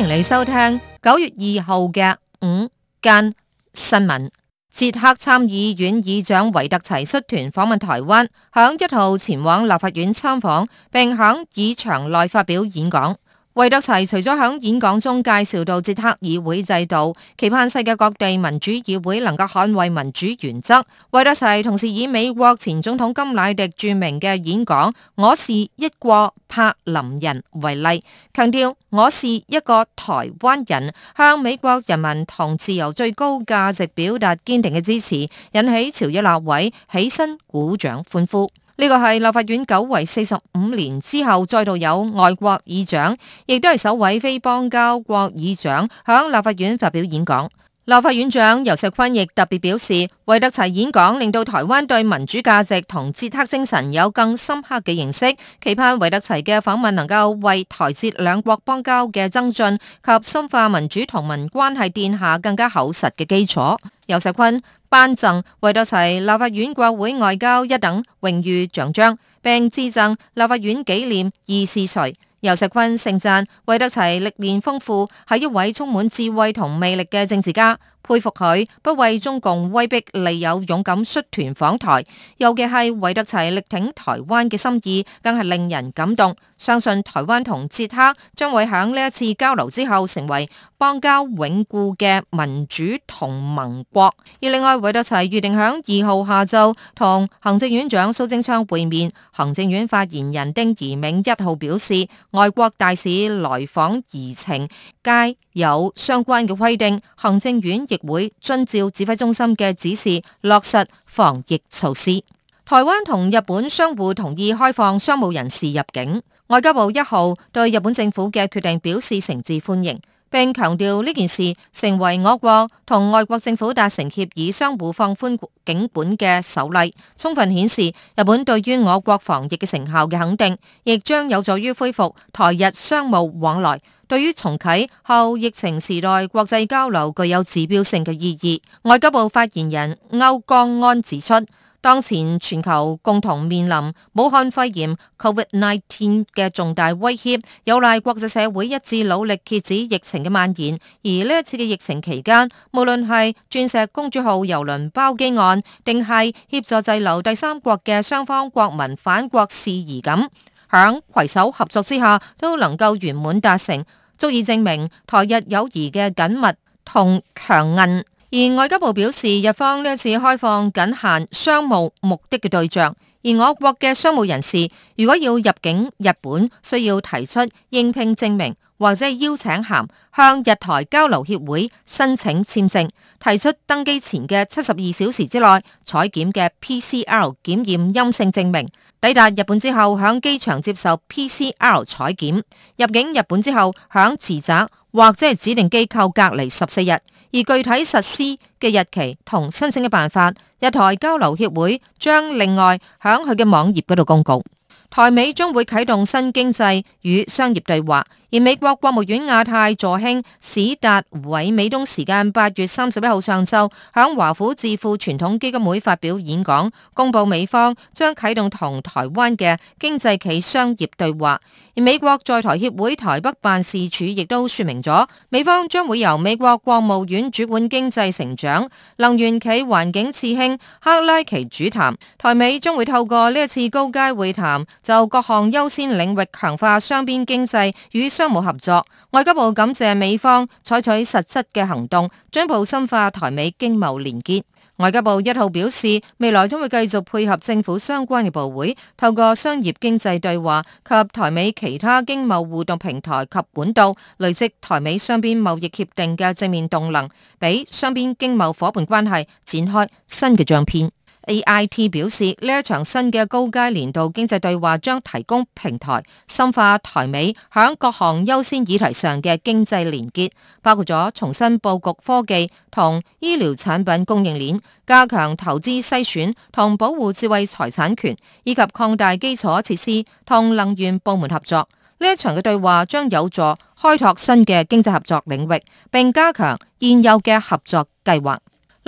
歡迎你收聽九月二號嘅午間新聞。捷克參議院議長維特齊率團訪問台灣，響一號前往立法院參訪，並響議場內發表演講。維特齊除咗響演講中介紹到捷克議會制度，期盼世界各地民主議會能夠捍衛民主原則。維特齊同時以美國前總統甘迺迪著名嘅演講《我是一個柏林人》為例，強調我是一個台灣人，向美國人民同自由最高價值表達堅定嘅支持，引起朝野立委起身鼓掌歡呼。呢個係立法院久違四十五年之後，再度有外國議長，亦都係首位非邦交國議長，響立法院發表演講。立法院長游錫堃亦特別表示，維特齊演講令到台灣對民主價值同捷克精神有更深刻嘅認識，期盼維特齊嘅訪問能夠為台捷兩國邦交嘅增進及深化民主同盟關係奠下更加厚實嘅基礎。游錫堃頒贈維特齊立法院國會外交一等榮譽獎章，并致贈立法院紀念議事槌。游錫堃盛讚維特齊歷練豐富，係一位充滿智慧同魅力嘅政治家。佩服佢不畏中共威逼利誘，勇敢率團訪台，尤其係維特齊力挺台灣嘅心意，更係令人感動。相信台灣同捷克將會響呢一次交流之後，成為邦交永固嘅民主同盟國。而另外，維特齊預定響二號下晝同行政院長蘇貞昌會面。行政院發言人丁怡銘一號表示，外國大使來訪移情。皆有相關嘅規定，行政院亦會遵照指揮中心嘅指示，落實防疫措施。台灣同日本相互同意開放商務人士入境，外交部一號對日本政府嘅決定表示誠摯歡迎。並強調呢件事成為我國同外國政府達成協議，相互放寬境管嘅首例，充分顯示日本對於我國防疫嘅成效嘅肯定，亦將有助於恢復台日商務往來，對於重啟後疫情時代國際交流具有指標性嘅意義。外交部發言人歐江安指出。當前全球共同面臨武漢肺炎 （COVID-19） 嘅重大威脅，有賴國際社會一致努力遏止疫情嘅蔓延。而呢一次嘅疫情期間，無論係鑽石公主號郵輪包機案，定係協助滯留第三國嘅雙方國民返國事宜，咁響攜手合作之下，都能夠圓滿達成，足以證明台日友誼嘅緊密同強韌。而外交部表示，日方呢一次開放僅限商務目的嘅對象，而我國嘅商務人士如果要入境日本，需要提出應聘證明或者邀請函，向日台交流協會申請簽證，提出登機前嘅七十二小時之內採檢嘅 PCR 檢驗陰性證明。抵達日本之後，響機場接受 PCR 採檢，入境日本之後響自宅或者係指定機構隔離十四日。而具體實施嘅日期同申請嘅辦法，日台交流協會將另外喺佢嘅網頁嗰度公告。台美將會啟動新經濟與商業對話。而美國國務院亞太助卿史達偉，美東時間八月三十一號上晝，響華府智庫傳統基金會發表演講，公佈美方將啟動同台灣嘅經濟暨商業對話。而美國在台協會台北辦事處亦都説明咗，美方將會由美國國務院主管經濟成長、能源暨、環境次卿克拉奇主談，台美將會透過呢一次高階會談，就各項優先領域強化雙邊經濟與商務合作，外交部感謝美方採取實質嘅行動，進一步深化台美經貿連結。外交部一號表示，未來將會繼續配合政府相關嘅部會，透過商業經濟對話及台美其他經貿互動平台及管道，累積台美雙邊貿易協定嘅正面動能，俾雙邊經貿夥伴關係展開新嘅篇章。AIT 表示，呢一場新嘅高階年度經濟對話將提供平台，深化台美響各項優先議題上嘅經濟連結，包括咗重新布局科技同醫療產品供應鏈，加強投資篩選同保護智慧財產權，以及擴大基礎設施同能源部門合作。呢一場嘅對話將有助開拓新嘅經濟合作領域，並加強現有嘅合作計劃。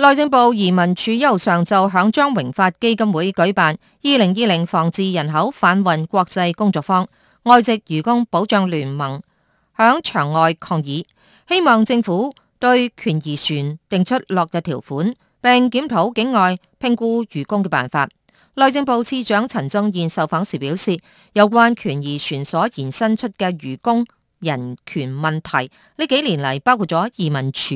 內政部移民署悠上晝響張榮發基金會舉辦二零二零防治人口販運國際工作坊，外籍漁工保障聯盟響場外抗議，希望政府對權宜船定出落日條款，並檢討境外聘雇漁工嘅辦法。內政部次長陳宗彥受訪時表示，有關權宜船所延伸出嘅漁工人權問題，呢幾年嚟包括咗移民署、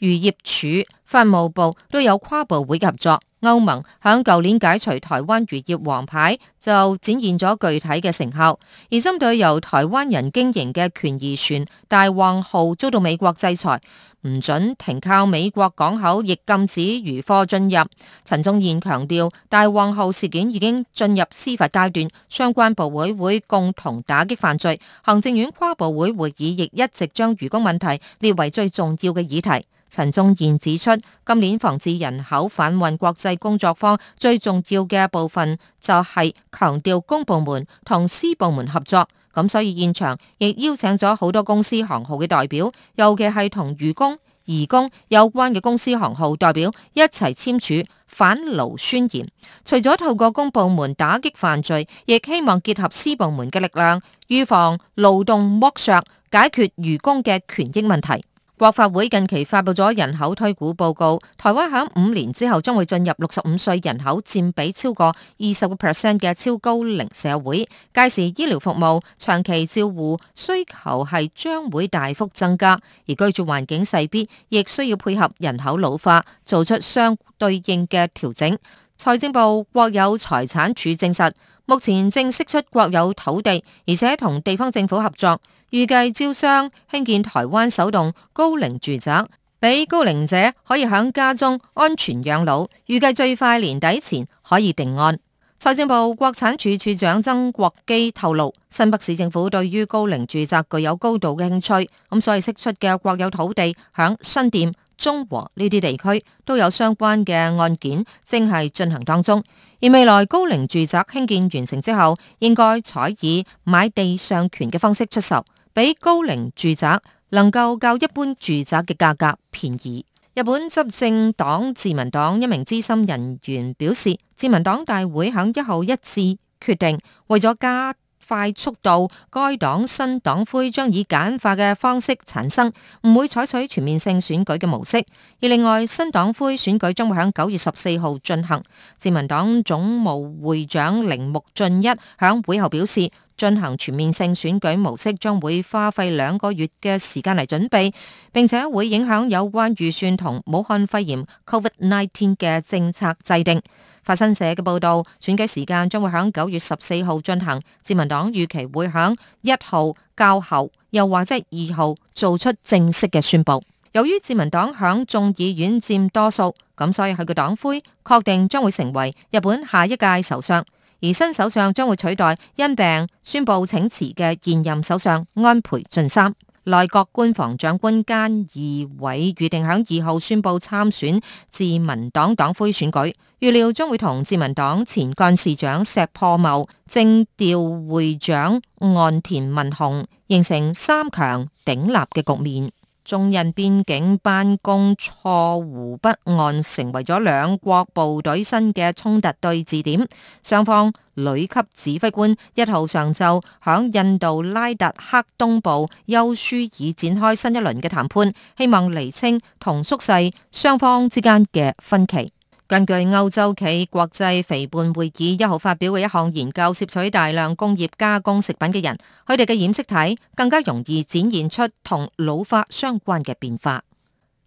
漁業署。法務部都有跨部會合作。歐盟響舊年解除台灣漁業黃牌，就展現咗具體嘅成效。而針對由台灣人經營嘅權宜船大旺號遭到美國制裁，唔准停靠美國港口，亦禁止漁貨進入。陳宗彥強調，大旺號事件已經進入司法階段，相關部會會共同打擊犯罪。行政院跨部會會會議亦一直將漁工問題列為最重要嘅議題。陳宗彥指出，今年防治人口販運國際工作坊最重要嘅部分就係強調公部門同私部門合作，咁所以現場亦邀請咗好多公司行號嘅代表，尤其係同漁工、移工有關嘅公司行號代表一齊簽署反勞宣言。除咗透過公部門打擊犯罪，亦希望結合私部門嘅力量，預防勞動剝削，解決漁工嘅權益問題。國發會近期發布咗人口推估報告，台灣喺五年之後將會進入六十五歲人口佔比超過二十個 percent 嘅超高齡社會，屆時醫療服務、長期照護需求係將會大幅增加，而居住環境勢必亦需要配合人口老化做出相對應嘅調整。財政部國有財產署證，證實，目前正釋出國有土地，而且同地方政府合作，預計招商興建台灣首棟高齡住宅，俾高齡者可以喺家中安全養老。預計最快年底前可以定案。財政部國產處處長曾國基透露，新北市政府對於高齡住宅具有高度嘅興趣，咁所以釋出嘅國有土地喺新店、中和呢啲地區都有相關嘅案件，正係進行當中。而未來高齡住宅興建完成之後，應該採以買地上權嘅方式出售。比高齡住宅能夠較一般住宅嘅價格便宜。日本執政黨自民黨一名資深人員表示，自民黨大會響一號一致決定，為咗加快速度，該黨新黨魁將以簡化嘅方式產生，唔會採取全面性選舉嘅模式。而另外，新黨魁選舉將會響九月十四號進行。自民黨總務會長鈴木俊一響會後表示：進行全面性選舉模式將會花費兩個月嘅時間嚟準備，並且會影響有關預算同武漢肺炎 （COVID-19） 嘅政策制定。法新社嘅報道，選舉時間將會響九月十四號進行。自民黨預期會響一號較後，又或者二號做出正式嘅宣布。由於自民黨響眾議院佔多數，咁所以佢嘅黨魁確定將會成為日本下一屆首相。而新首相將會取代因病宣布請辭嘅現任首相安倍晉三，內閣官房長官菅義偉預定喺二號宣布參選自民黨黨魁選舉，預料將會同自民黨前幹事長石破茂、政調會長岸田文雄形成三強鼎立嘅局面。中印邊境班公錯湖北岸成為咗兩國部隊新嘅衝突對峙點，雙方旅級指揮官一號上晝響印度拉達克東部休舒爾展開新一輪嘅談判，希望釐清同縮細雙方之間嘅分歧。根據歐洲企國際肥胖會議一號發表嘅一項研究，攝取大量工業加工食品嘅人，佢哋嘅染色體更加容易展現出同老化相關嘅變化。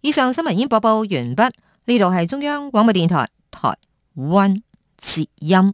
以上新聞已經播報完畢，呢度係中央廣播電台台灣之音。